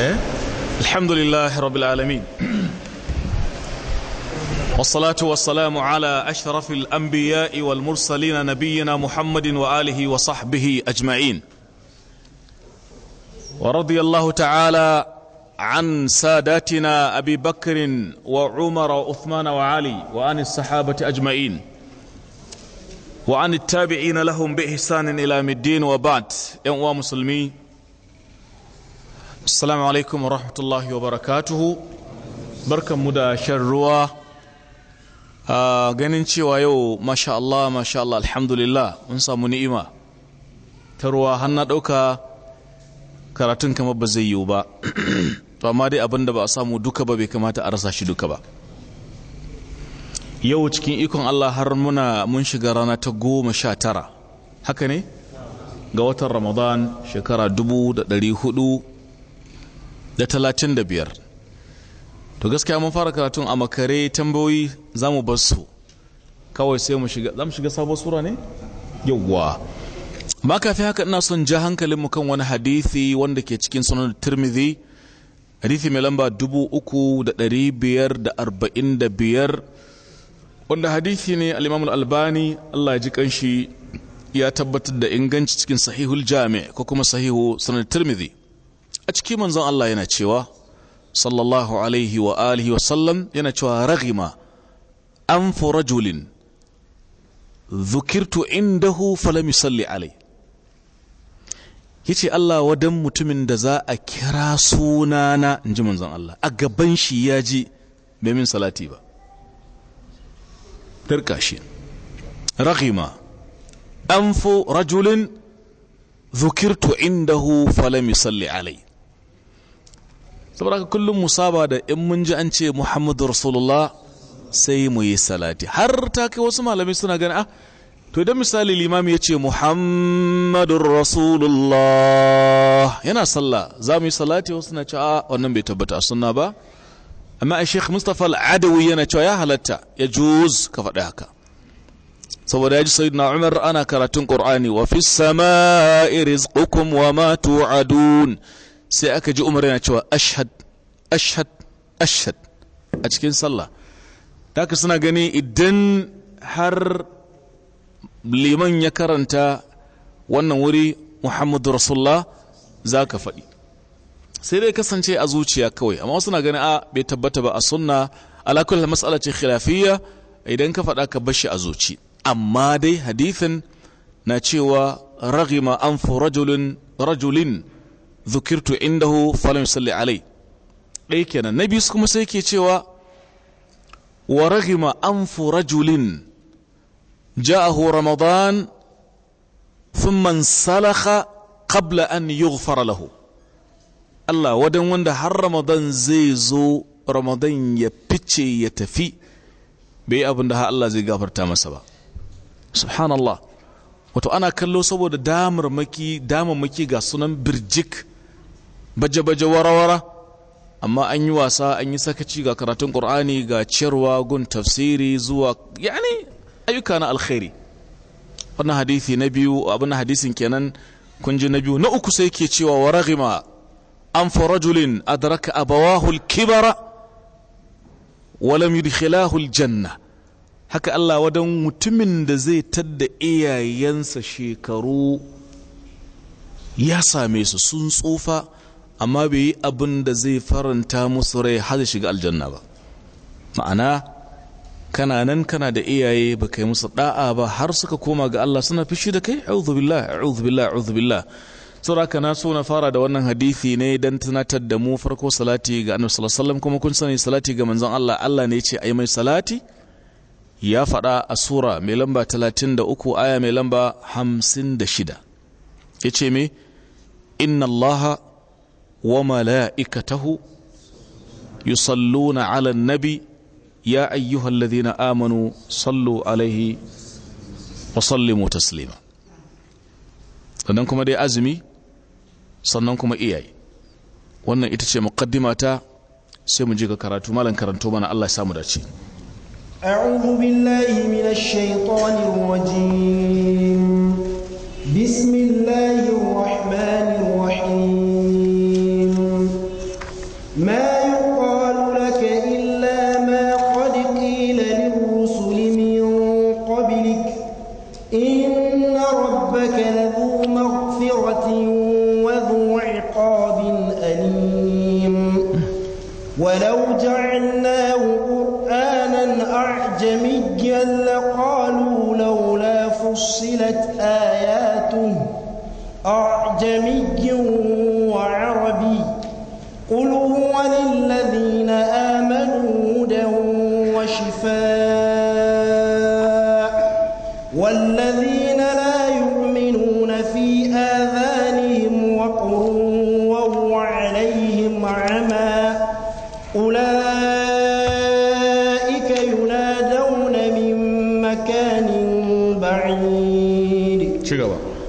إيه؟ الحمد لله رب العالمين والصلاة والسلام على أشرف الأنبياء والمرسلين نبينا محمد وآله وصحبه أجمعين ورضي الله تعالى عن ساداتنا أبي بكر وعمر وأثمان وعلي وعن الصحابة أجمعين وعن التابعين لهم بإحسان إلى مدين وبعد يوم مسلمين Assalamu alaikum wa rahmatullahi wa barakatuhu. mu da shan ruwa. Ah, ganin cewa yau masha Allah masha Allah alhamdulillah mun samu ni'ima. Ta ruwa har na ɗauka karatun kamar ba zai yiwu ba. To amma dai abin da ba a samu duka ba bai kamata a rasa shi duka ba. Yau cikin ikon Allah har muna mun shiga rana ta goma sha tara. Haka ne? Ga watan Ramadan shekara dubu da ɗari hudu da talatin da biyar to gaskiya mun fara karatun a makare tambayoyi za mu bar su kawai sai mu shiga za mu shiga sabon sura ne yawwa ma kafi haka ina son ja hankalin mu kan wani hadithi wanda ke cikin sunan tirmidhi hadithi mai lamba dubu uku da ɗari biyar da arba'in da biyar wanda hadithi ne alimamul albani allah ya ji kanshi ya tabbatar da inganci cikin sahihul jami'a ko kuma sahihu sunan tirmidhi ciki manzon Allah yana cewa sallallahu alaihi wa alihi wa sallam yana cewa raghima anfu rajulin inda indahu falam yusalli alai yace Allah wadan mutumin da za a kira sunana inji manzon Allah a gaban shi ya ji bai min salati ba tarka shi raghima anfu rajulin inda indahu falam yusalli alai saboda haka kullum musaba da in mun ji an ce muhammadu rasulullah sai mu yi salati har ta kai wasu malamai suna gani ah to idan misali limami ya ce muhammadun rasulullah yana sallah za mu yi salati wasu na cewa ah, wannan bai tabbata a sunna ba amma a sheikh mustapha al'adawi yana cewa ya halatta ya juz ka faɗi haka saboda ya ji sai umar ana karatun ƙur'ani wa fi sama'i rizqukum wa ma tu'adun sai aka ji umar yana cewa ashhad ashad ashhad a cikin sallah taka suna gani idan har liman ya karanta wannan wuri muhammadu rasulullah za ka faɗi sai dai kasance a zuciya kawai amma suna gani a bai tabbata ba a sunna alakul matsala ce khilafiyya idan ka faɗa ka bashi a zuci amma dai hadithin na cewa ragima an fi rajulin zukirtu indahu falam salli alai ɗaya kenan na biyu kuma sai ke cewa wa raghima anfu rajulin ja'ahu ramadan thumma salakha qabla an fara lahu Allah wadan wanda har ramadan zai zo ramadan ya fice ya tafi bai abin da Allah zai gafarta masa ba subhanallah wato ana kallo saboda damar maki ga sunan birjik baje-baje wara-wara amma an yi wasa an yi sakaci ga karatun ƙur'ani ga ciyarwa gun tafsiri zuwa yani ayyuka na alkhairi wannan hadisi na biyu abin hadisin kenan kun ji na biyu na uku sai ke cewa wa raghima an rajulin adraka abawahu al-kibara wa lam yudkhilahu al-janna haka Allah wadan mutumin da zai tadda iyayensa shekaru ya same su sun tsufa amma bai yi abin da zai faranta musu rai har da shiga aljanna ba ma'ana kana nan kana da iyaye ba kai musu da'a ba har suka koma ga Allah suna fishi da kai a'udhu billah a'udhu billah a'udhu billah kana so na fara da wannan hadisi ne dan tunatar da mu farko salati ga Annabi sallallahu alaihi wasallam kuma kun sani salati ga manzon Allah Allah ne ya ce ayi mai salati ya fada a sura mai lamba 33 aya mai lamba 56 yace me inna allaha وملائكته يصلون على النبي يا أيها الذين آمنوا صلوا عليه وسلموا تسليما sannan dai azumi sannan kuma iyaye wannan ita ce muqaddima ta sai mu ka ga karatu malam karanto mana Allah ya samu dace a'udhu billahi minash shaitanir rajim bismillahir rahmanir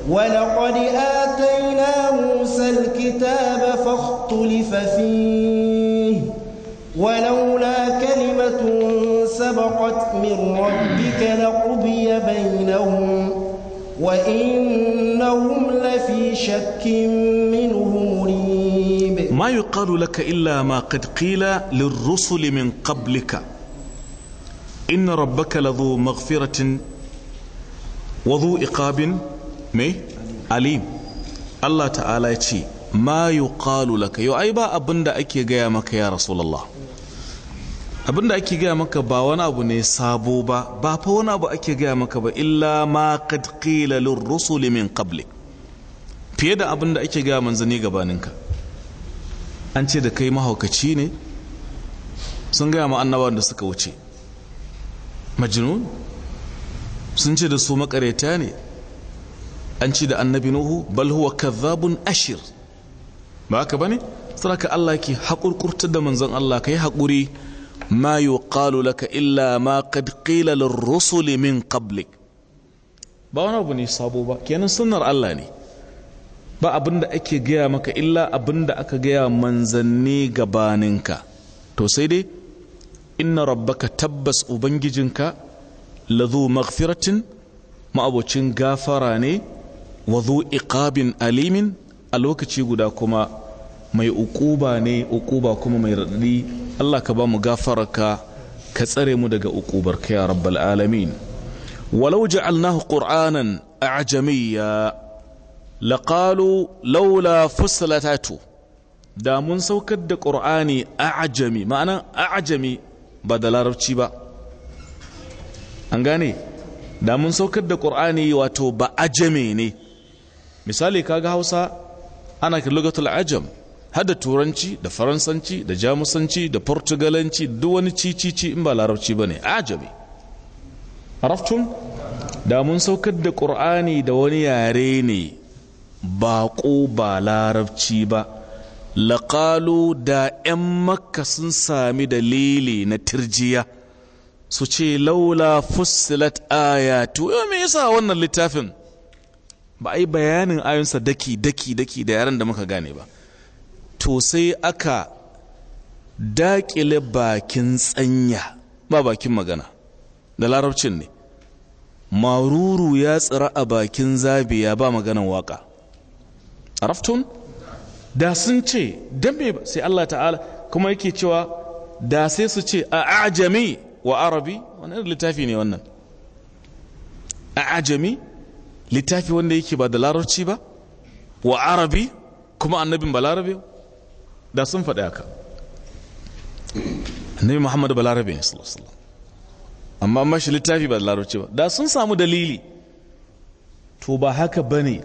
ولقد آتينا موسى الكتاب فاختلف فيه ولولا كلمة سبقت من ربك لقضي بينهم وإنهم لفي شك منه مريب ما يقال لك إلا ما قد قيل للرسل من قبلك إن ربك لذو مغفرة وذو إقاب me alim Allah ta'ala ya ce ma yuqalu laka yau ai ba abinda ake gaya maka ya rasulallah. abinda ake gaya maka ba wani abu ne sabo ba ba fa wani abu ake gaya maka ba illa ma kadkila qila lirrusul min fiye da abinda ake gaya manzanni gabaninka an ce da kai mahaukaci ne sun gaya ma annabawan da suka wuce majnun sun ce da su makareta ne an ci da annabi nuhu bal huwa kadhabun ashir ba haka bane saraka Allah ke hakurkurta da manzon Allah kai hakuri ma yuqalu laka illa ma qad qila lirrusuli min qablik ba wani abu ne sabo ba kenan sunnar Allah ne ba abinda ake gaya maka illa abinda aka gaya manzanni gabaninka to sai dai inna rabbaka tabbas ubangijinka lazu maghfiratin ma'abocin gafara ne wa zo iqabin alimin a lokaci guda kuma mai uquba ne uquba kuma mai raɗaɗi Allah ka ba mu gafararka ka tsare mu daga uqubarka ya rabbal alamin walau ja'alnahu qur'anan a'jamiyya laqalu laula fusilatatu da mun saukar da qur'ani a'jami ma'ana a'jami ba da larabci ba an gane da mun saukar da ƙur'ani wato ba ajami ne misali kaga hausa ana ka lugatul ajam hada turanci da faransanci da jamusanci da portugalanci duk wani cicici in ba larabci ba ne ajami araftun da mun saukar da ƙur'ani da wani yare ne baƙo ba larabci ba laƙalu da 'yan makka sun sami dalili na tirjiya su ce laula fussilat ayatu yau me yasa wannan littafin ba a yi bayanin ayunsa daki daki daki da yaran da muka gane ba to sai aka dakile bakin tsanya ba bakin magana da larabcin ne maruru ya tsira a bakin zabiya ba maganan waka raftun da sun ce don me sai Allah ta'ala kuma yake cewa da sai su ce a ajami wa arabi wani littafi ne wannan a ajami littafi wanda yake ba da larabci ba wa arabi kuma annabin ba larabe da sun faɗi haka annabi muhammad ba larabe ne amma amma mashi littafi ba da larabci ba da sun samu dalili to ba haka ba ne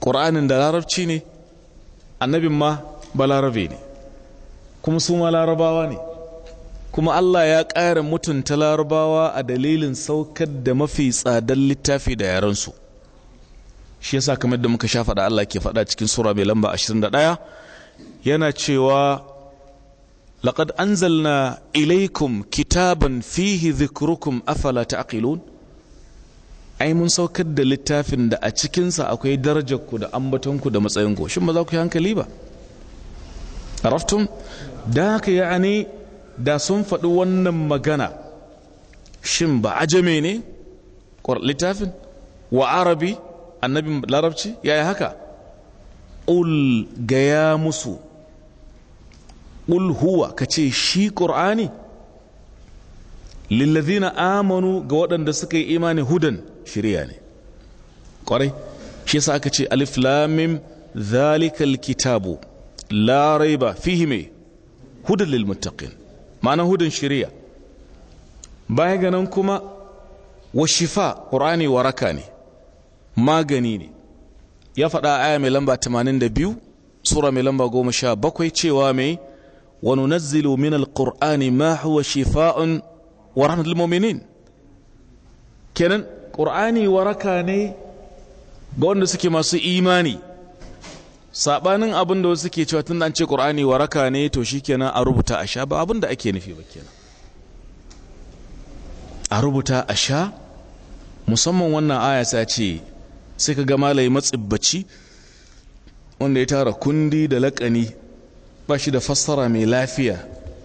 ƙur'anin da larabci ne annabin ma ba larabe ne kuma su ma larabawa ne kuma Allah ya ƙara mutunta larabawa a dalilin saukar da mafi tsadar littafi da yarensu shi yasa kamar da muka sha faɗa Allah ke faɗa cikin sura mai lamba 21 yana cewa laqad anzalna ilaikum kitaban fihi dhikrukum afala ta'qilun ai mun saukar da littafin da a cikinsa akwai darajar ku da ambatonku da matsayin ku shin ba za ku yi hankali ba araftum da haka ya'ani da sun faɗi wannan magana shin ba ajame ne littafin wa arabi annabin larabci ya yi haka ƙul gaya musu ƙul huwa ka ce shi ƙur'ani lillazina amanu ga waɗanda suka yi imani hudan shirya ne ƙwarai shi yasa aka ce aliflamin zalikal kitabu la raiba fihime. hudan Ma'ana hudun shiriya baya ganin kuma wa shifa ƙur'ani waraka ne magani ne ya faɗa aya mai lamba 82 sura mai lamba 17 cewa mai wa nunazzilu min alqur'ani ma huwa shifa'un wa rahmatul mu'minin kenan ƙur'ani waraka ne ga wanda suke masu imani sabanin abin da wasu ke cewa tun an ce ƙur'ani waraka ne to shikenan a rubuta a sha ba abin da ake nufi ba kenan a rubuta a sha musamman wannan aya sa ce sai ka ga lai matsibbaci wanda ya tara kundi da laƙani ba shi da fassara mai lafiya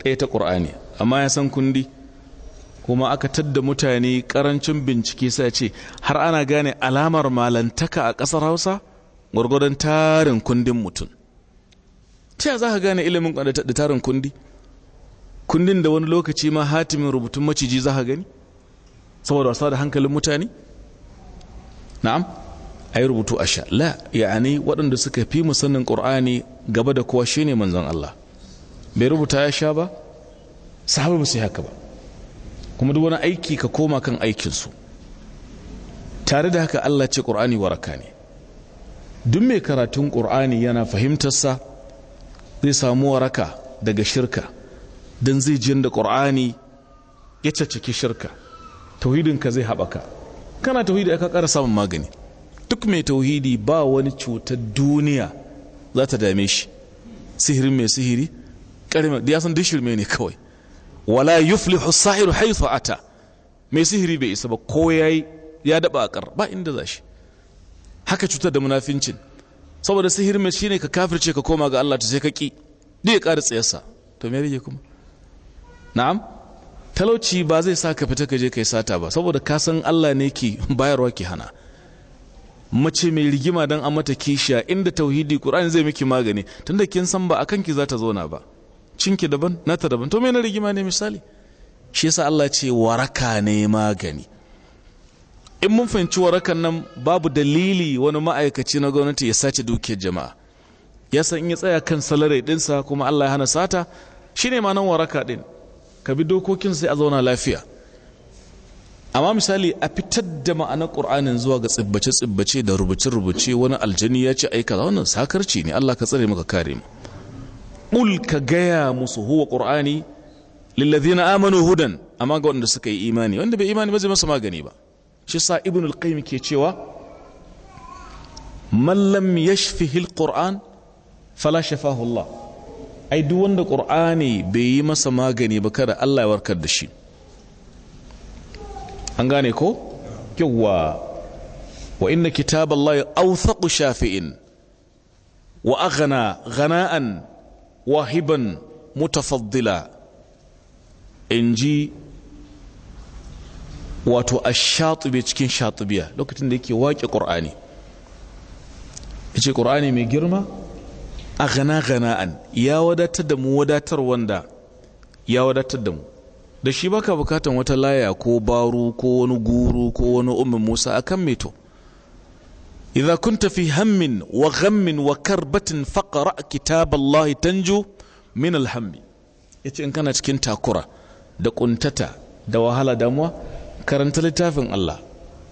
ɗaya ta ƙur'ani amma ya san kundi kuma aka tadda mutane ƙarancin bincike sai ce har ana gane alamar malantaka a ƙasar hausa gwargwadon tarin kundin mutum ta za ka gane ilimin da tarin kundi kundin da wani lokaci ma hatimin rubutun maciji za ka gani saboda wasa da hankalin mutane na'am a yi rubutu a ya'ani waɗanda suka fi musannin ƙur'ani gaba da kowa shi ne manzan Allah bai rubuta ya sha ba sahaba ba su haka ba kuma duk wani aiki ka koma kan aikinsu tare da haka Allah ce ƙur'ani waraka ne duk mai karatun ƙur'ani yana fahimtarsa zai samu waraka daga shirka don zai jin da ƙur'ani ya caccaki shirka tauhidinka zai haɓaka kana tauhidi aka ƙara samun magani duk mai tauhidi ba wani cutar duniya za ta dame shi sihirin mai sihiri ƙarfi da ya san dishir mai ne kawai wala yuflihu sahiru haifa ata mai sihiri bai isa ba ko yi ya daba ƙar ba inda za shi haka cutar da munafincin saboda sihir mai shine ka kafirce ka koma ga Allah ta sai ka ki da ya ƙara tsayarsa to me rage kuma na'am talauci ba zai sa ka fita ka je kai sata ba saboda ka san Allah ne ke bayarwa ki hana mace mai rigima dan a mata kishiya inda tauhidi Qur'ani zai miki magani tunda kin san ba akan ki za ta zauna ba cinki daban nata daban to me na rigima ne misali shi yasa Allah ce waraka ne magani in mun fahimci warakan nan babu dalili wani ma'aikaci na gwamnati ya sace dukiyar jama'a ya san in ya tsaya kan salarai dinsa kuma Allah ya hana sata shine ma nan waraka din ka bi dokokin sai a zauna lafiya amma misali a fitar da ma'anar ƙur'anin zuwa ga tsibbace-tsibbace da rubuce-rubuce wani aljani ya ce aika wannan sakarci ne Allah ka tsare maka kare mu ƙul ka gaya musu huwa ƙur'ani lillazina amanu hudan amma ga wanda suka yi imani wanda bai imani ba zai masa magani ba shi sa ibn al-qayyim ke cewa man lam yashfihi al-qur'an fala shafahu Allah ai duk wanda qur'ani bai yi masa magani ba kada Allah ya warkar da shi an gane ko yawa wa inna kitaballahi awthaqu shafi'in wa aghna ghana'an wahiban mutafaddila inji wato a shatibi cikin shatubiya lokacin da yake waƙe ya ce ƙur'ani mai girma a gana gana'an ya wadatar da mu wadatar wanda ya wadatar da mu da shi baka bukatan wata laya ko baro ko wani guru ko wani umar Musa a kan meto idza kunta fi hammin wa ghammin wa karbatin faqra kitaballahi tanju min alhammi yace in kana cikin takura da kuntata da wahala damuwa karanta littafin Allah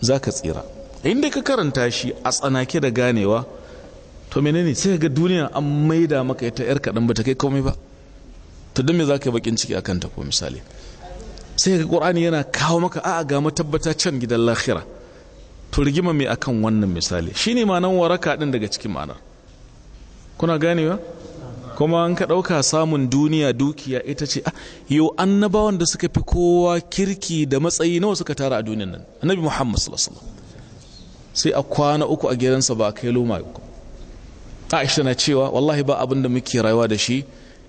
za ka tsira inda ka karanta shi a tsanake da ganewa to menene sai ga duniya an maida maka ita yar kaɗan ba ta kai komai ba to don me za ka yi bakin ciki akan ta ko misali sai ga ƙur'ani yana kawo maka a ga matabbata can gidan lahira to rigima mai akan wannan misali shine nan waraka din daga cikin ma'anar kuna ganewa kuma an ka ɗauka samun duniya dukiya ita ce ah, yau annabawan da suka fi kowa kirki da matsayi nawa suka tara a duniyan nan annabi muhammad sallallahu sai a kwana uku a gidansa ba kai luma ku aisha na cewa wallahi ba abin da muke rayuwa da shi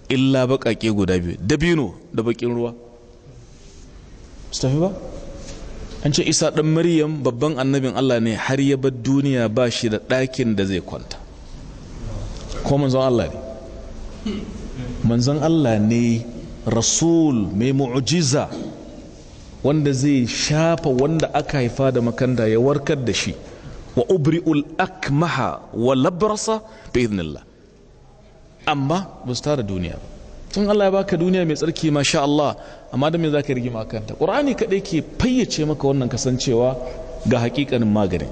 illa baƙaƙe guda biyu dabino da baƙin ruwa ba an ce isa ɗan maryam babban annabin allah ne har ya bar duniya ba shi da ɗakin da zai kwanta ko manzon allah ne manzon Allah ne rasul mai mu'ujiza wanda zai shafa wanda aka haifa da makanda ya warkar da shi wa ubri'ul akmaha wa labrasa bi idnillah amma ba su tara duniya ba tun Allah ya baka duniya mai tsarki masha Allah amma da me zaka rigima kanta qur'ani kadai ke fayyace maka wannan kasancewa ga hakikanin maganin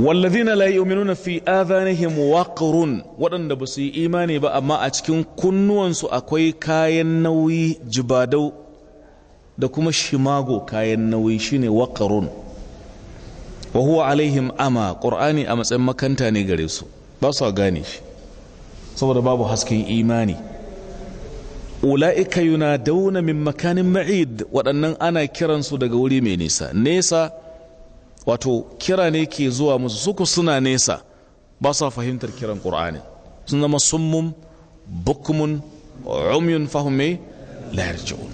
wallazina la yu'minuna fi adhanihim waqrun waɗanda ba su yi imani ba amma a cikin kunnuwansu akwai kayan nauyi jibadau da kuma shimago kayan nauyi shine waqrun wa huwa alaihim ama qur'ani a matsayin makanta ne gare su ba su gane shi saboda babu hasken imani ula'ika yunaduna min makanin ma'id waɗannan ana kiransu daga wuri mai nisa nesa wato kira ne ke zuwa musu suku suna nesa ba sa fahimtar kiran ƙur'ani sun zama summun bukumun umyun fahimai la yarji'un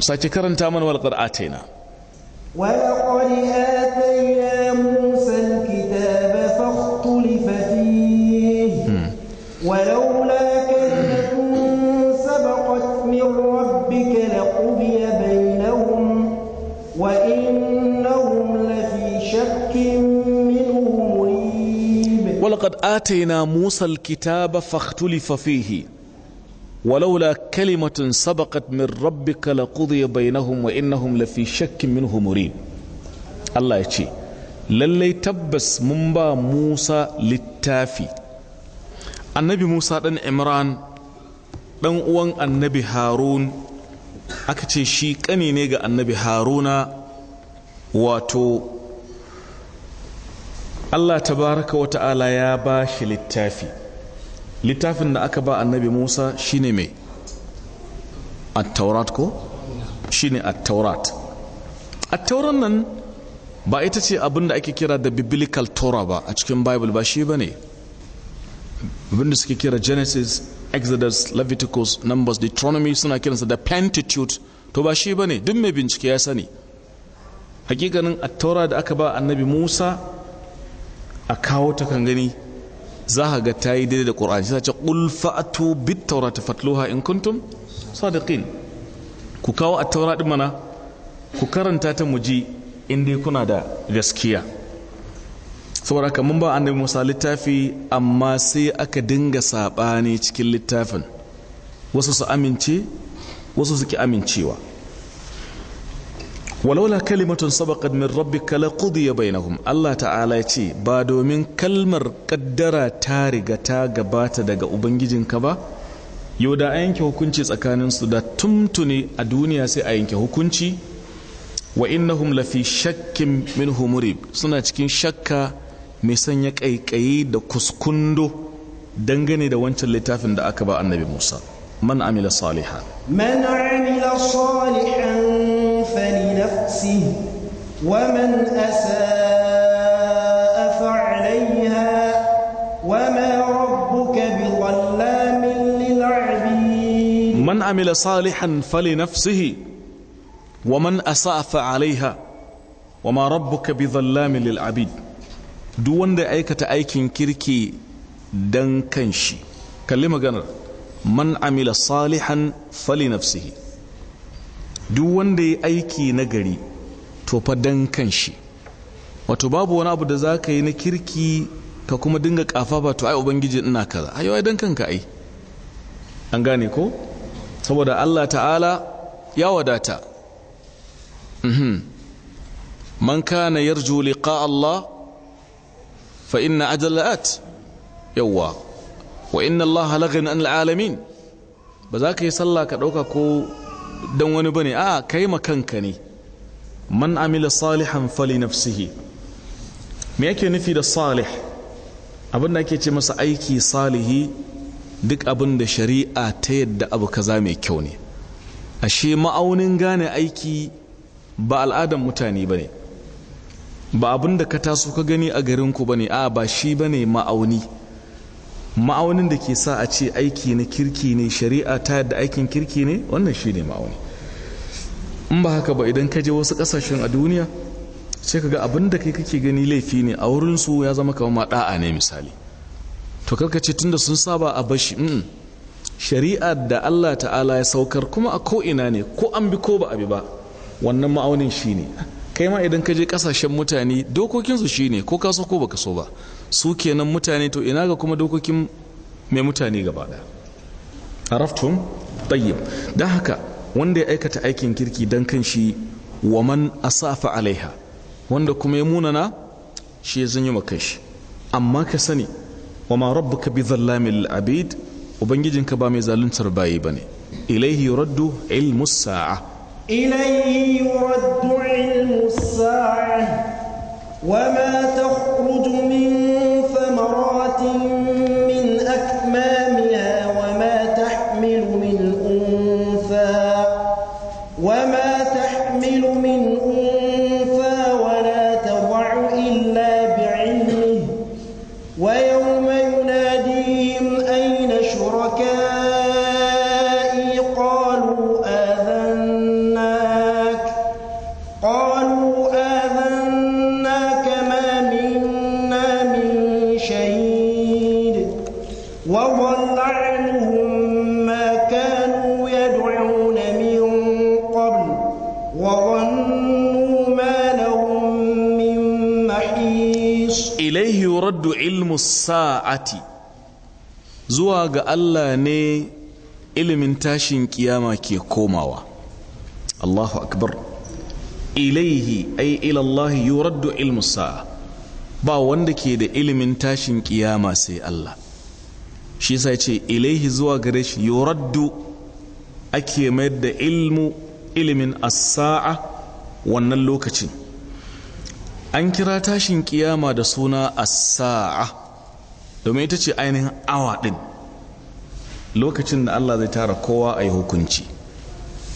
sake karanta mana wal qira'ataina atayna Musa al-kitaba fakhtulifa fihi walawla kalimatun sabaqat min rabbika laqudiya bainahum wa innahum lafi shakkin minhu murib Allah ya ce lalle tabbas mun ba Musa littafi Annabi Musa dan Imran dan uwan Annabi Harun aka ce shi kane ne ga Annabi Haruna wato Allah tabaraka wa ta'ala ya ba shi littafi littafin da aka ba annabi Musa shine mai at-taurat ko shine at-taurat at-tauran nan ba ita ce abin da ake kira da biblical torah ba a cikin bible ba shi bane abin da suke kira genesis exodus leviticus numbers deuteronomy suna kiransa da pentateuch to ba shi bane duk mai bincike ya sani hakikanin at-taura da aka ba annabi Musa a kawo ta kan gani za a ga ta yi daidai da ƙur'ani shi ta ce a bit tawrati fatluha in kuntum sadiqin ku kawo a taura ɗin mana ku karanta ta mu ji in dai kuna da gaskiya saboda haka mun ba annabi Musa littafi amma sai aka dinga saɓani cikin littafin wasu su amince wasu suke amincewa walaula kalimatun sabaqat min rabbika laqudiya hum Allah ta'ala ya ce ba domin kalmar kaddara ta riga ta gabata daga ubangijinka ba yau da a yanke hukunci tsakanin su da tumtuni a duniya sai a yanke hukunci wa innahum lafi shakkin min humurib suna cikin shakka mai sanya kaikayi da kuskundo dangane da wancan littafin da aka ba annabi Musa man amila salihan man amila salihan فلنفسه ومن أساء فعليها وما ربك بظلام للعبيد من عمل صالحا فلنفسه ومن أساء فعليها وما ربك بظلام للعبيد duk wanda ya aikata aikin kirki dan kanshi kalli maganar man amila salihan fali nafsihi duk wanda ya aiki na gari to fa dan shi. wato babu wani abu da za ka yi na kirki ka kuma dinga kafa ba to ai ubangiji ina kaza ayo ai dan kanka ai an gane ko saboda Allah ta'ala ya wadata mhm man kana yarju liqa Allah fa inna ajalat yawa wa inna Allah laghin an alamin ba za ka yi sallah ka dauka ko dan wani bane a kai kanka ne man amila salihan fali nafsihi me yake nufi da salih abin da ake ce masa aiki salihi duk abin da shari'a ta yadda abu kaza mai kyau ne ashe ma'aunin gane aiki ba al'adan mutane ba ne ba abin da ka taso ka gani a garinku ba ne a ba shi ba ne ma'auni ma'aunin da ke sa a ce aiki na kirki ne shari'a ta yadda aikin kirki ne wannan shi ne ma'auni in ba haka ba idan ka je wasu kasashen a duniya sai ka ga abin da kai kake gani laifi ne a wurin su ya zama kamar da'a ne misali to karka ce tunda sun saba a bashi mm shari'a da Allah ta'ala ya saukar kuma a ko ina ne ko an bi ko ba a bi ba wannan ma'aunin shi ne kai ma idan ka je kasashen mutane dokokinsu ne ko ka so ko baka so ba su kenan mutane to ina ga kuma dokokin mai mutane gaba daya araftum tayyib don haka wanda ya aikata aikin kirki dan shi wa man asafa alaiha wanda kuma ya munana shi ya zanyi shi amma ka sani wa ma rabbuka bi dhallamin abid ubangijinka ba mai zaluntar bayi bane ilaihi yuraddu ilmus sa'a ilaihi yuraddu ilmus sa'a wa ma takhruju min قوم ilaihi yuraddu ilmu sa'ati zuwa ga Allah ne ilimin tashin kiyama ke komawa Allahu akbar ilaihi ay ila Allah yuraddu ilmu sa'a ba wanda ke da ilimin tashin kiyama sai Allah shi sai ce ilaihi zuwa gare shi yuraddu ake mayar da ilmu ilimin as-sa'a wannan lokacin an kira tashin kiyama da suna as-sa'a domin ita ce ainihin awa ɗin. lokacin da Allah zai tara kowa a yi hukunci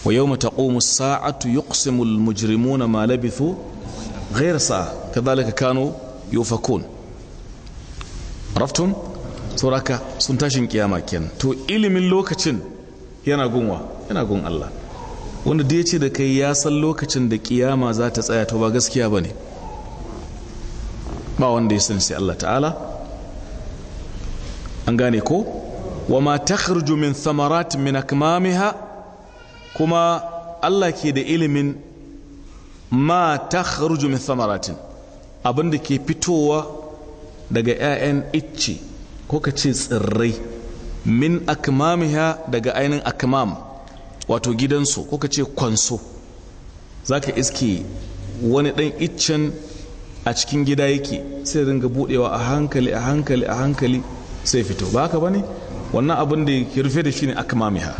wa yau taqumu saatu yuqsimu mujirimu mujrimuna ma labithu ghayr sa'a kadhalika kanu yufakun raftun sauraka sun tashin kiyama kenan to ilimin lokacin yana gunwa yana gun Allah wanda da ya ce da kai ya san lokacin da kiyama za ta tsaya to ba gaskiya ba ne ba wanda ya sani sai Allah ta'ala an gane ko wa ma takhruju min thamarat min akmamiha kuma Allah ke da ilimin ma takhruju min thamaratin abinda ke fitowa daga 'ya'yan icce ko ka ce tsirrai min akmamiha daga ainin akmam wato gidansu ko ka ce kwanso zaka iske wani dan iccen a cikin gida yake sai ringa budewa a hankali a hankali a hankali sai fito ba haka bane wannan abin da ke rufe da shi ne akmamiha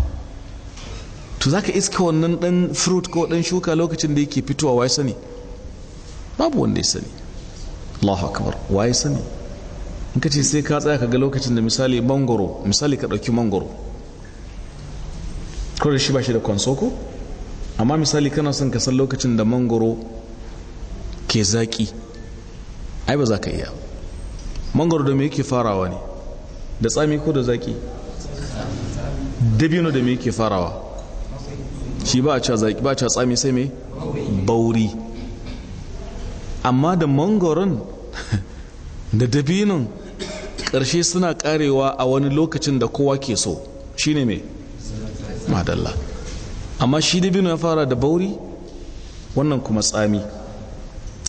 to zaka iska wannan dan fruit ko dan shuka lokacin da yake fitowa wai sani babu wanda ya sani Allahu akbar wai sani in ka ce sai ka tsaya kaga lokacin da misali mangoro misali ka dauki mangoro ko da shi ba shi da ko? amma misali kana son ka san lokacin da mangoro ke zaki ai ba za ka iya mangoro da me yake farawa ne da tsami ko da zaki dabino da me yake farawa shi ba a ca zaki ba a ca tsami sai me bauri amma da mangoron da dabinon ƙarshe suna ƙarewa a wani lokacin da kowa ke so shi ne me madalla amma shi dabino ya fara da bauri wannan kuma tsami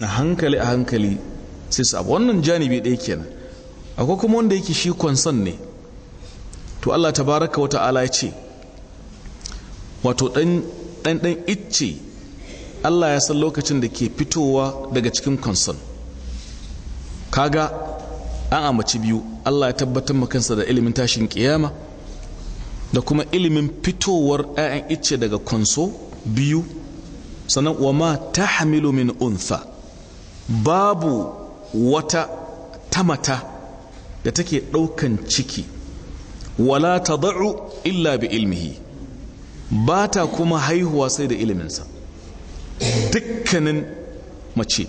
a hankali a hankali sai su abu wannan janibi ɗaya kenan akwai kuma wanda yake shi kwanson ne to Allah tabaraka wata ala ce wato ɗanɗan icce Allah ya san lokacin da ke fitowa daga cikin kwanson kaga an amaci biyu Allah ya tabbatar makansa da ilimin tashin kiyama da kuma ilimin fitowar 'ya'yan icce daga kwanso biyu sannan wa ma ta hamilu min unfa babu wata tamata da take ɗaukan ciki wala ta illa bi ilmihi ba ta kuma haihuwa sai da iliminsa dukkanin mace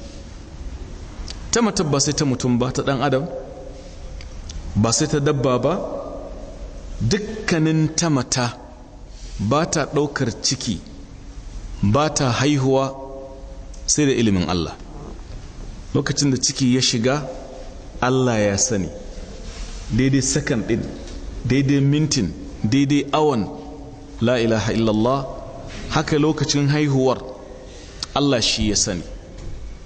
tamata ba sai ta mutum ba ta dan adam ba sai ta dabba ba dukkanin tamata ba ta ɗaukar ciki ba ta haihuwa sai da ilimin Allah lokacin da ciki ya shiga Allah ya sani daidai sakan ɗin daidai mintin daidai awon la ilaha illallah haka lokacin haihuwar Allah shi ya sani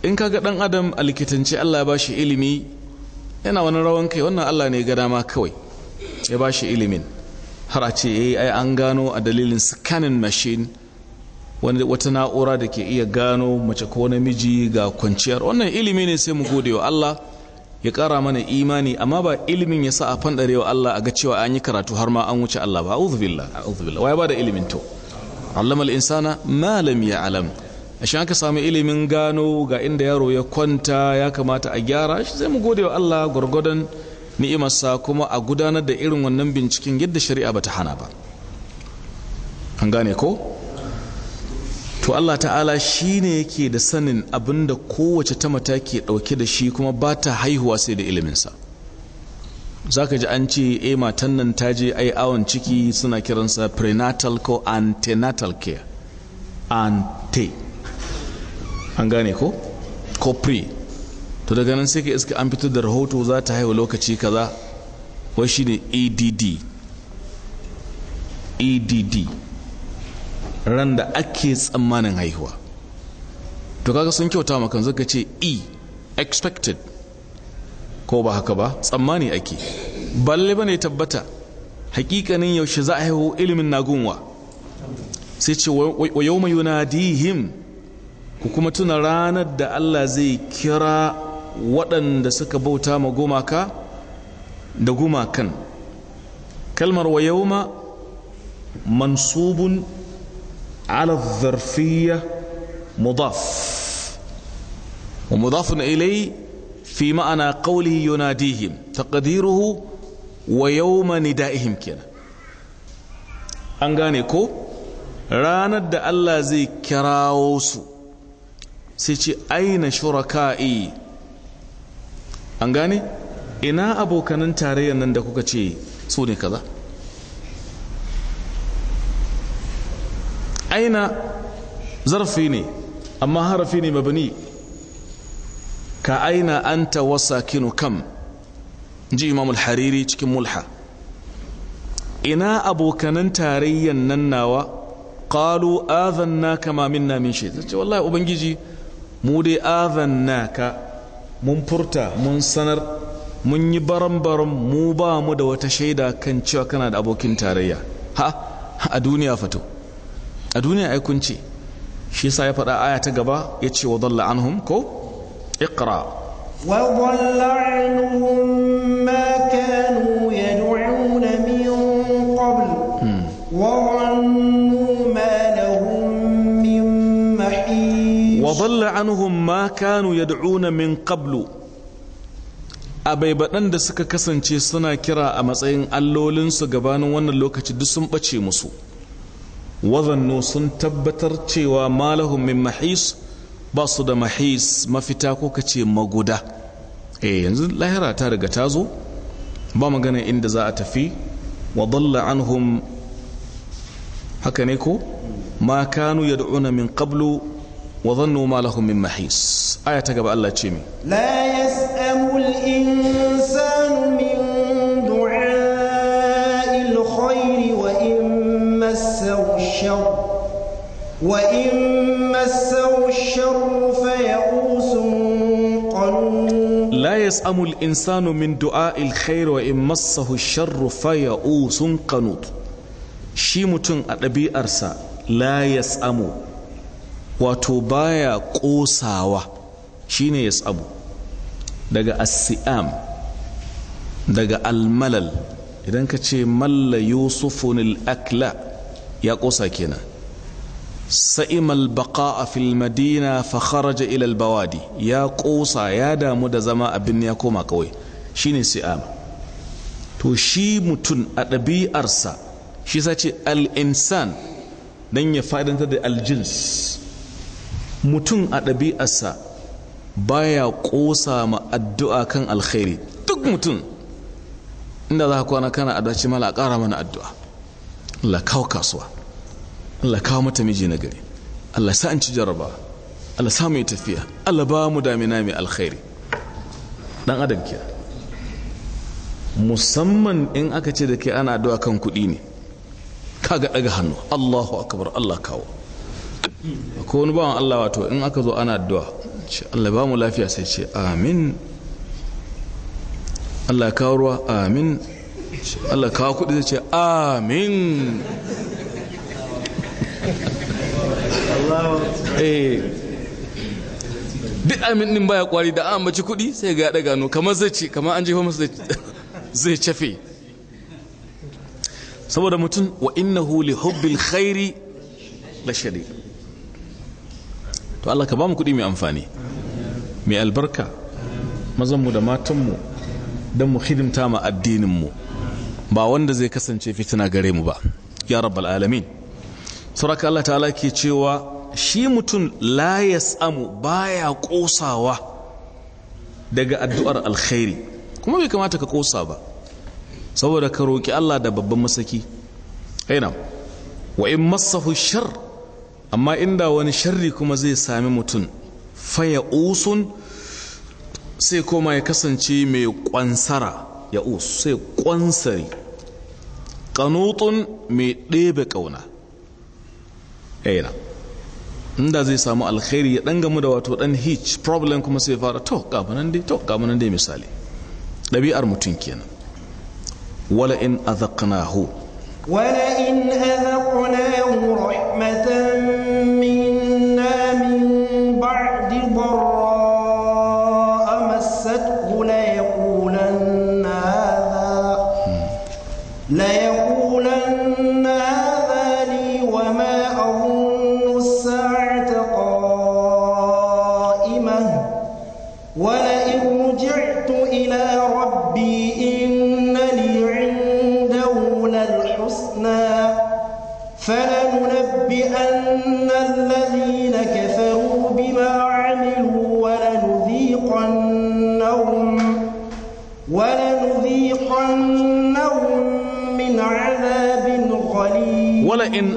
in kaga ɗan adam a likitance Allah ya ba shi ilimi yana wani rawan kai wannan Allah ne ga dama kawai ya ba shi ilimin har a ce eh, ai an gano a dalilin scanning machine wani wata na'ura da ke iya gano mace ko namiji ga kwanciyar wannan ilimi ne sai mu gode wa Allah ya kara mana imani amma ba ilimin ya sa a fandare wa Allah a ga cewa an yi karatu har ma an wuce Allah ba a'udhu billah a'udhu billah waya ba da ilimin to allama al-insana ma lam ya'lam ashe aka samu ilimin gano ga inda yaro ya kwanta ya kamata a gyara shi sai mu gode wa Allah gwargwadon ni'imarsa kuma a gudanar da irin wannan binciken yadda shari'a bata hana ba an gane ko to Allah ta'ala shi ne yake da sanin abin da kowace ta mata ke ɗauke da shi kuma ba ta haihuwa sai da iliminsa za ka ji an ce e matan nan ta je ai awon ciki suna kiransa prenatal ko antenatal care ante an gane ko ko pre to daga nan sai ka iska an fito da rahoto za ta haihu lokaci kaza wai ne add add ran da ake tsammanin haihuwa to kaga sun kyauta makan zaka ce e expected ko ba haka ba tsammani ake balle bane tabbata hakikanin yaushe za a haihu ilimin nagunwa sai ce wa yawma yunadihim ku kuma tuna ranar da Allah zai kira waɗanda suka bauta ma gumaka da gumakan kalmar wa yawma mansubun على الظرفية مضاف ومضاف إليه في معنى قوله يناديهم تقديره ويوم ندائهم كنا أنغاني كو ranar da Allah zai kirawo su sai ce aina shuraka'i an gane ina abokanan tarayyar nan da kuka ce suni kaza aina zarfi ne amma harafi ne ka aina anta wasakinu kam ji imam al-hariri cikin mulha ina abokanan tarayyan nan nawa qalu adhanna kama minna min shay zace wallahi ubangiji mu dai adhannaka mun furta mun sanar mun yi barambaran mu ba mu da wata shaida kan cewa kana da abokin tarayya ha a duniya fato a duniya ai kun ce shi yasa ya fada aya ta gaba ya ce wa dalla anhum ko iqra wa dalla anhum ma kanu yad'un min qabl hmm. wa annu ma lahum min mahis wa dalla anhum ma kanu yad'un min qablu abai baɗan da suka kasance suna kira a matsayin allolinsu gabanin wannan lokaci duk sun ɓace musu wazannu sun tabbatar cewa malahum min mahis ba su da mahis mafita ko ka ce maguda eh yanzu lahira ta riga ta zo ba magana inda za a tafi wa dalla anhum haka ne ko ma kanu yad'una min qablu wa dhannu ma lahum min mahis aya ta gaba Allah ce mi la yas'amu al الشر وإن مسه الشر فيئوس قنوط لا يسأم الإنسان من دعاء الخير وإن مسه الشر فيئوس قنوط shi mutum a ɗabi'arsa la ya tsamo wato baya ƙosawa shine ya tsamo daga asi'am daga almalal idan ka ce malla yusufunil akla ya kosa kenan sa'imal baqa'a fil madina fa kharaja ila al bawadi ya kosa ya damu da zama abin ya koma kawai shine si'am to shi mutum a ɗabi'arsa shi sa ce al-insan dan ya fadanta da aljins mutum a ɗabi'arsa baya kosa ma addu'a kan alkhairi duk mutum inda za ka kwana kana addu'a ce mala ƙara mana addu'a Allah kawo kasuwa Allah kawo mata miji na gari Allah sa an ci jaraba Allah sa mu yi tafiya Allah ba mu damina mai alkhairi dan adam kiya musamman in aka ce da ke ana addu'a kan kuɗi ne kaga daga hannu Allahu akbar Allah kawo ko wani bawan Allah wato in aka zo ana addu'a Allah ba mu lafiya sai ce amin Allah kawo ruwa amin Allah kawo kuɗi zai ce amin eh. duk amin din baya kwari da an ambaci kuɗi sai ga daga no kamar zai ce kamar an jefa masu zai cafe saboda mutum wa inna huli hubbil khairi da shari to Allah ka ba mu kuɗi mai amfani mai albarka mazanmu da matanmu don mu hidimta ma addininmu ba wanda zai kasance fitina gare mu ba ya rabbal alamin suraka Allah ta'ala ke cewa shi mutum la yas'amu baya kosawa daga addu'ar alkhairi kuma bai kamata ka kosa ba saboda ka roki Allah da babban masaki aina wa in massahu shar amma inda wani sharri kuma zai sami mutum faya usun sai koma ya kasance mai kwansara ya us sai kwansari ƙanutun mai ɗebe ƙauna aina eh, inda zai samu alkhairi ya ɗan gamu da wato ɗan hitch problem kuma sai fara to gabanan dai to gabanan dai misali ɗabi'ar mutum kenan wala in a azaqnahu wala in azaqnahu rahmatan min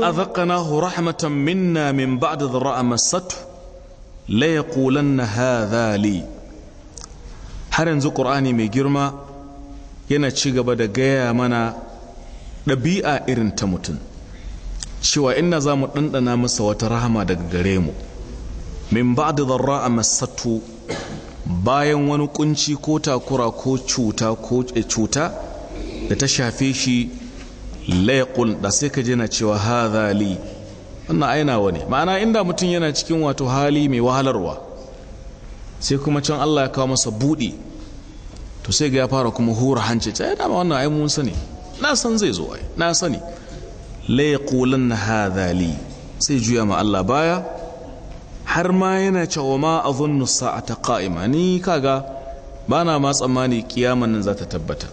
أذقناه رحمة منا من بعد ذراء مسته ليقولن هذا لي har yanzu ƙur'ani mai girma yana ci gaba da gaya mana ɗabi'a irin ta mutum cewa ina za mu ɗanɗana masa wata rahama daga gare mu min ba da zarra a bayan wani kunci ko takura ko cuta ko cuta da ta shafe shi layakul da sai ka jina cewa haza li wannan aina wani ma'ana inda mutum yana cikin wato hali mai wahalarwa sai kuma can Allah ya kawo masa buɗi to sai ga ya fara kuma hura hanci ta yana wannan mun sani na san zai zo ai na sani layakulan na haza li sai juya ma Allah baya har ma yana cewa ma a zunnu ta qa'ima ni kaga bana ma tsammani kiyaman nan za ta tabbata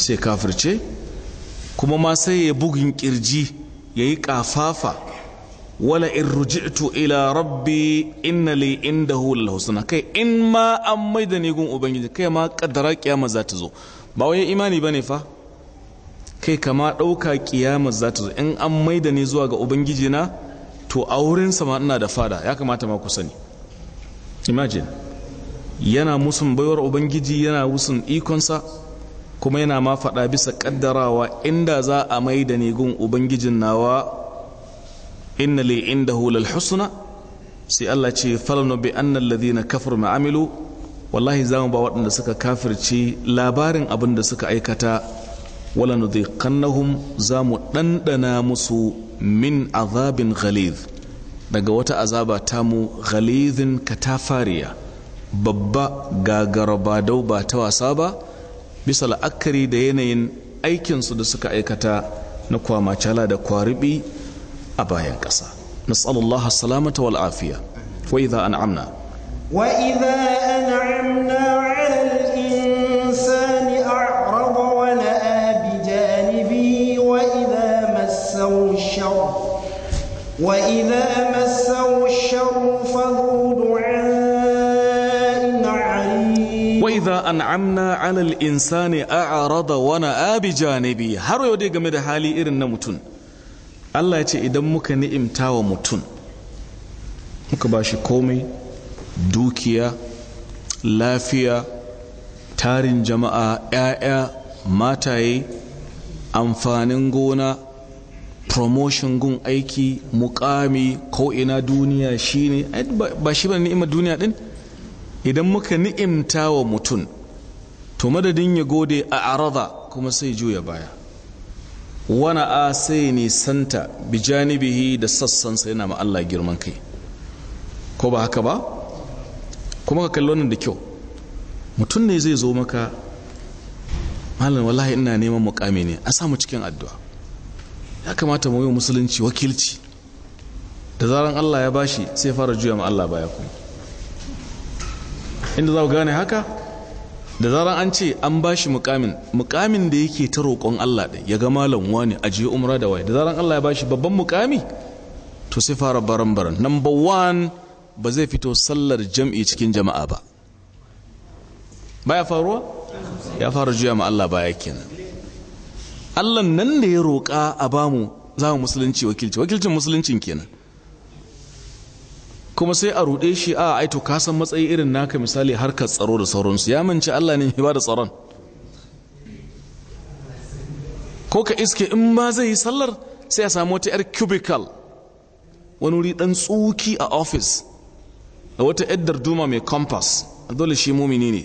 sai kafirce kuma ma sai ya bugin kirji ya yi kafafa wala in ruji'tu ila rabbi inna li hula husna kai in ma an maida ne negun ubangiji kai ma kaddara kiyama za ta zo ba wai imani ba ne fa kai kama ɗauka kiyama za ta zo in an mai da ne zuwa ga ubangiji na to a wurin sama ina da fada ya kamata ma ku sani imagine yana musun baiwar ubangiji yana musun ikonsa kuma yana ma faɗa bisa ƙaddarawa inda za a mai da negun ubangijin nawa inna li inda hulal husna sai Allah ce falanu bi anna na kafaru ma amilu wallahi mu ba waɗanda suka kafirci labarin abin da suka aikata wala nudhiqannahum mu dandana musu min azabin ghalidh daga wata azaba ta mu ghalidhin katafariya babba gagaraba dau ba ta wasa ba bisa la'akari da yanayin aikinsu da suka aikata na kwamacala da kwaribi a bayan ƙasa nas'alallah salamata wal afiya wa idza an'amna wa idza an'amna 'ala al wa wa an'amna 'alal insani a'rada wa na'a bi janibi har yau dai game da hali irin na mutum Allah ya ce idan muka ni'imta wa mutum muka bashi komai dukiya lafiya tarin jama'a 'ya'ya mataye amfanin gona promotion gun aiki mukami ko ina duniya shine ba shi ba ni'imar duniya din idan muka ni'imta wa mutum to madadin ya gode a arada kuma sai juya baya wana a sai nisanta bijanibihi da sassan sai na Allah girman kai ko ba haka ba kuma ka kalli wannan da kyau mutum ne zai zo maka malam wallahi ina neman mukami ne a samu cikin addu'a ya kamata mu yi musulunci wakilci da zaran Allah ya bashi sai fara juya ma Allah baya kuma inda za ku gane haka da zaran an ce an ba shi mukamin mukamin da yake ta roƙon Allah da ya ga malam wani a je umra da waye da zaran Allah ya ba shi babban mukami to sai fara baran baran number one ba zai fito sallar jam'i cikin jama'a ba baya faruwa ya fara juya ma Allah baya kenan Allah nan da ya roƙa a bamu za mu musulunci wakilci wakilcin musuluncin kenan kuma sai a ruɗe shi a aito ka san matsayi irin naka misali harkar tsaro da sauransu ya manci Allah ne ba da tsaron ko ka iske in ba zai yi sallar sai a samu wata 'yar cubicle wani wuri ɗan tsuki a office da wata 'yar darduma mai compass dole shi mumini ne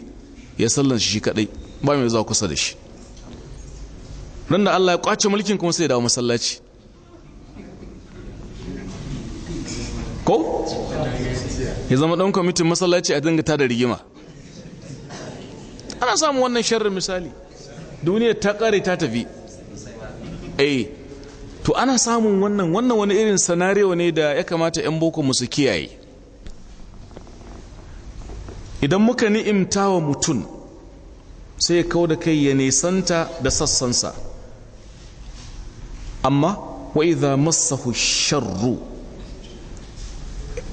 ya sallan shi kadai ba mai zuwa kusa da shi nan da Allah ya kwace mulkin kuma sai ya dawo masallaci ko ya zama ɗan kwamitin masallaci a dangata da rigima ana samun wannan sharrin misali duniya ta ƙare ta tafi eh to ana samun wannan wannan wani irin sanariyo ne da ya kamata 'yan boko musu kiyaye idan muka ni'imta wa mutum sai ya kawo da kai ya nisanta da sassansa amma wa idha massahu sharru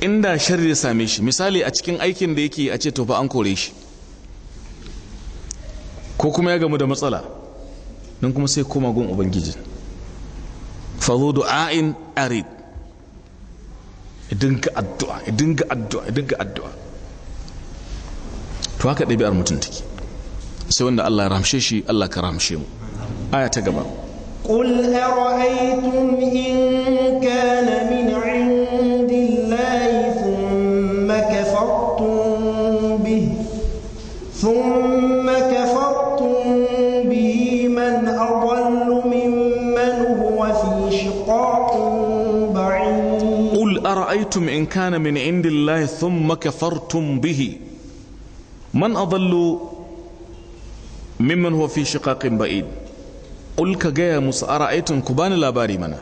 inda sharri ya same shi misali a cikin aikin da yake a ce to ba an kore shi ko kuma ya gamu da matsala nan kuma sai koma gun ubangiji fazo du'a'in arid idinka addu'a idinka addu'a idinka addu'a to haka ɗabi'ar mutum take sai wanda Allah ya ramshe shi Allah ka ramshe mu aya ta gaba qul ara'aytum in kana in kana min indilla sun maka bihi man a zallo mimma fi shi ka kin baii gaya musu ara aiti kuba ni labari mana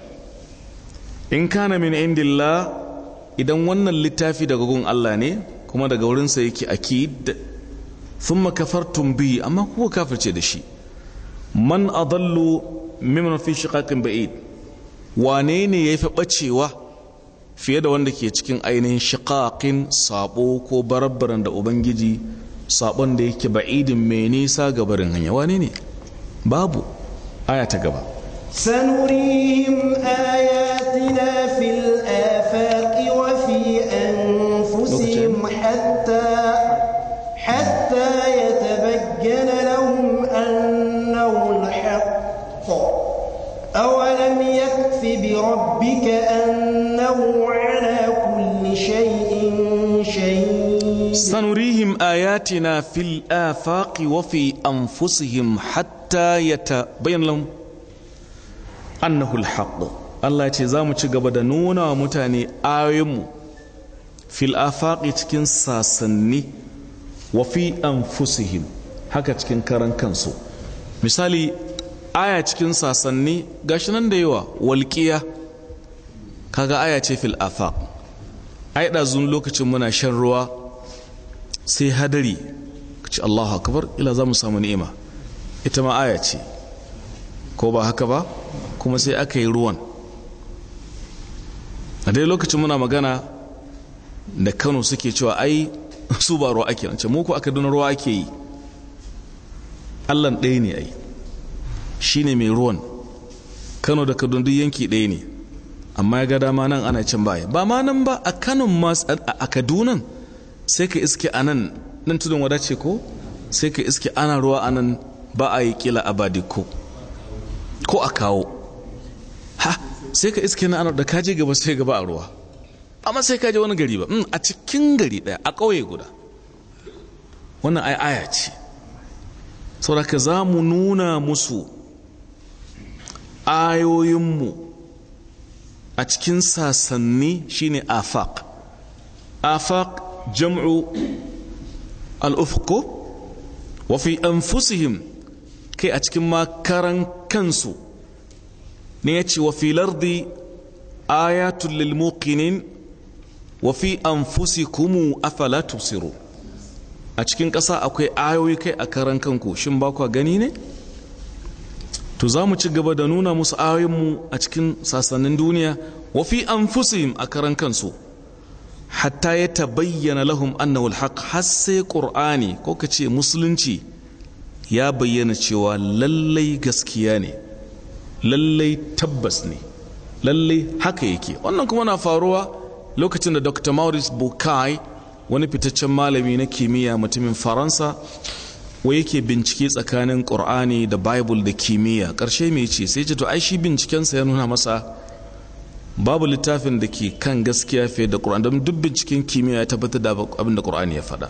in kana min indilla idan wannan littafi daga gun allah ne kuma daga wurin sa ya ke a kidd sun amma kuka kafetse da shi man a zallo fi shi ka wane ne ya yi faɓa fiye da wanda ke cikin ainihin shiƙaƙin sabo ko barabbaran da ubangiji sabon da yake ba'idin mai nisa ga barin hanya wani ne babu aya ta gaba sanurihim ayatina fil sanurihim ayatina fil afaqi wa fi anfusihim hatta yatabayyana lahum annahu al-haqq Allah ce za mu ci gaba da nuna wa mutane ayoyinmu fil afaqi cikin sasanni wa fi anfusihim haka cikin karan kansu misali aya cikin sasanni gashi nan da yawa walƙiya. kaga aya ce fil afaq ai dazun lokacin muna shan ruwa sai hadari ka Allahu akbar ila za mu samu ni'ima ita ma aya ce ko ba haka ba kuma sai aka yi ruwan a dai lokacin muna magana da Kano suke cewa ai su ba ruwa ake ce muku aka duna ruwa ake yi Allah ɗaya ne ai shine mai ruwan Kano da Kaduna duk yanki ɗaya ne amma ya ga dama nan ana can baya ba ma nan ba a Kano masu a Kadunan sai ka iske anan nan tudun wadace ko sai ka iske ana ruwa anan ba a yi kila abadi ko ko a kawo ha sai ka iske na anar da kaje gaba sai gaba a ruwa amma sai kaje wani gari ba hmm, a cikin gari daya a ƙauye guda wannan ai aya ce sauraka za mu nuna musu ayoyinmu a cikin sasanni shine afaq afaq jam'u al'ufiku wafi an fusu kai a cikin makarankansu ne ya ci wa filardai aya tullal muku ne wafi an fusu kuma a fa a cikin kasa akwai aure kai a karan kanku shin ba kuka gani ne to za mu ci gaba da nuna musu ari mu a cikin sassanin duniya a wafi an fusu yin a karankansu. hatta ya tabayyana lahum annahu alhaq har sai qur'ani ko kace musulunci ya bayyana cewa lallai gaskiya ne lallai tabbas ne lallai haka yake wannan kuma na faruwa lokacin da dr maurice bukai wani fitaccen malami na kimiyya mutumin faransa wai yake bincike tsakanin qur'ani da bible da kimiyya ƙarshe mai ce sai ce to ai shi bincikensa ya nuna masa babu littafin da ke kan gaskiya fiye da ƙura'an don duk binciken kimiyya ya tabbatar da abin da ƙura'an ya faɗa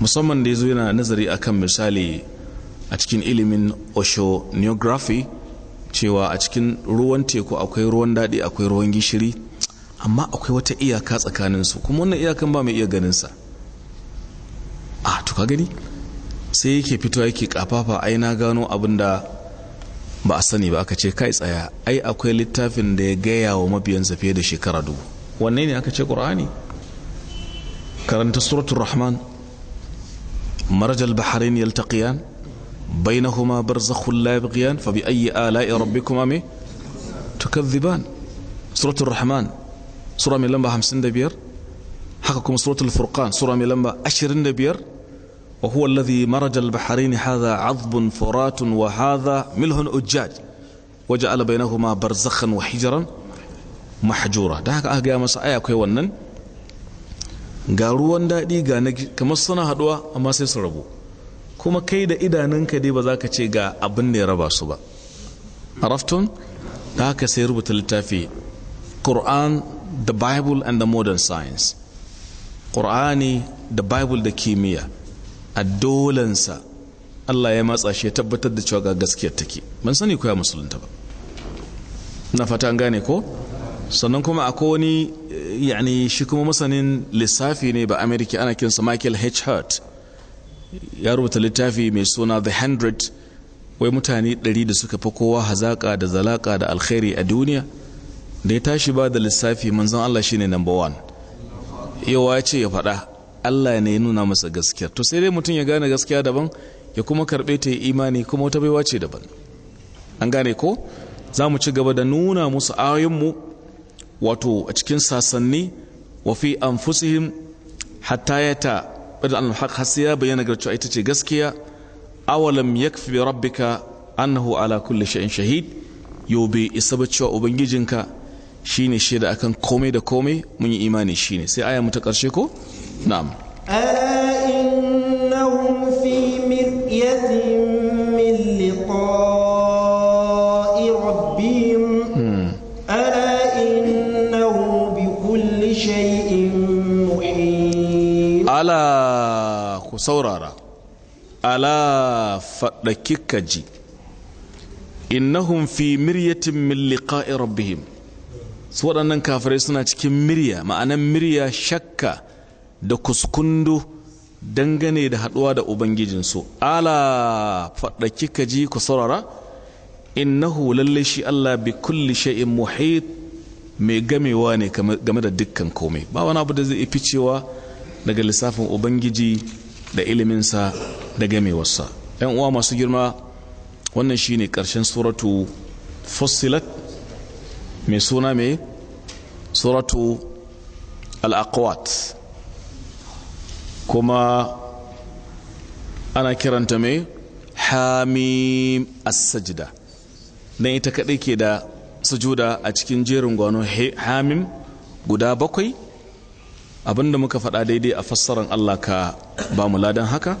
musamman da ya zo yana nazari akan misali a cikin ilimin oceanography cewa a cikin ruwan teku akwai ruwan daɗi akwai ruwan gishiri amma akwai wata iyaka tsakaninsu kuma wannan iyakan ba mai iya ganinsa a to ka gani sai yake fito yake kafafa ai na gano abin da ba a sani ba aka ce kai tsaya ai akwai littafin da ya gaya wa mabiyansa fiye da shekara dubu wanne ne aka ce qur'ani karanta suratul rahman marajal baharin yaltaqiyan bainahuma barzakhul la yabghiyan fa bi ayyi ala'i rabbikuma me tukadhiban suratul rahman sura mai lamba 55 haka kuma suratul furqan sura mai lamba 25 وهو الذي مرج البحرين هذا milhon فرات وهذا ملح أجاج وجعل بينهما برزخا وحجرا محجورا ده haka aka gaya masa aya akwai wannan ga ruwan daɗi ga na kamar suna haɗuwa amma sai su rabu kuma kai da idanunka dai ba za ka ce ga abin da ya raba su ba araftun da haka sai rubuta littafi Quran the Bible and the modern science Qur'ani the Bible da kimiyya a dolansa Allah ya matsa shi ya tabbatar da cewa ga gaskiyar take ban sani ko ya musulunta ba na fata an gane ko sannan kuma akwai wani eh, yani shi kuma masanin lissafi ne ba amerika ana kinsa michael h hart ya rubuta littafi mai suna the hundred wai mutane ɗari da suka fi kowa hazaƙa da zalaƙa da alkhairi a duniya da ya tashi ba da lissafi manzan allah shine number one yawa ya ce ya faɗa Allah ne ya nuna masa gaskiya to sai dai mutum ya gane gaskiya daban ya kuma karɓe ta imani kuma wata baiwa ce daban an gane ko za mu ci gaba da nuna musu ayoyinmu wato a cikin sasanni wa fi anfusihim hatta ya ta bada an hasiya bayyana ga ita ce gaskiya awalam yakfi bi rabbika annahu ala kulli shay'in shahid yau bai isa ba cewa ubangijinka shine shaida akan komai da komai mun yi imani ne sai aya mu ta karshe ko نعم ألا إنهم في مرية من لقاء ربهم ألا إنه بكل شيء محيط ألا كسورارا ألا فدككجي إنهم في مرية من لقاء ربهم su waɗannan kafirai suna cikin mirya ma'anan mirya shakka da kuskundu dangane da haduwa da ubangijinsu ala faɗaki ka ji ku saurara innahu lalle shi Allah bi kulli sha'in muhit mai gamewa ne game da dukkan komai ba wani abu da zai fi cewa daga lissafin ubangiji da iliminsa da gamewarsa yan uwa masu girma wannan ne ƙarshen suratu fossilat mai suna mai suratu al kuma ana kiranta mai hamim as-sajda dan ita kadai ke da sujuda a cikin jerin gwano hamim guda bakwai abinda muka faɗa daidai a fassarar Allah ka ba mu ladan haka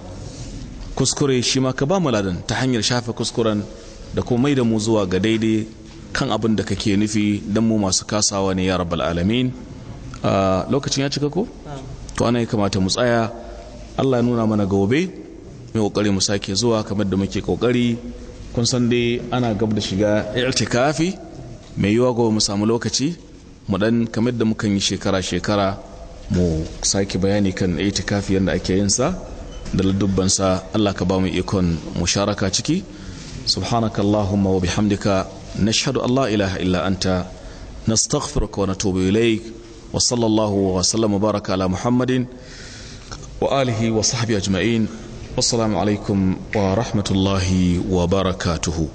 kuskure shi ma ka ba mu ladan ta hanyar shafa kuskuren da kuma mai da mu zuwa ga daidai kan abin da kake nufi don mu masu kasawa ne ya rabbal alamin ah, lokacin ya cika ko to ana ya kamata mu tsaya Allah ya nuna mana gobe mai kokari mu sake zuwa kamar da muke kokari kun san dai ana gab da shiga i'tikafi mai yiwa gobe mu samu lokaci mu dan kamar da mukan yi shekara shekara mu sake bayani kan i'tikafi yadda ake yin sa da ladubban sa Allah ka ba mu ikon musharaka ciki subhanakallahumma wa bihamdika nashhadu an la ilaha illa anta نستغفرك ونتوب إليك وصلى الله وسلم وبارك على محمد وآله وصحبه أجمعين والسلام عليكم ورحمة الله وبركاته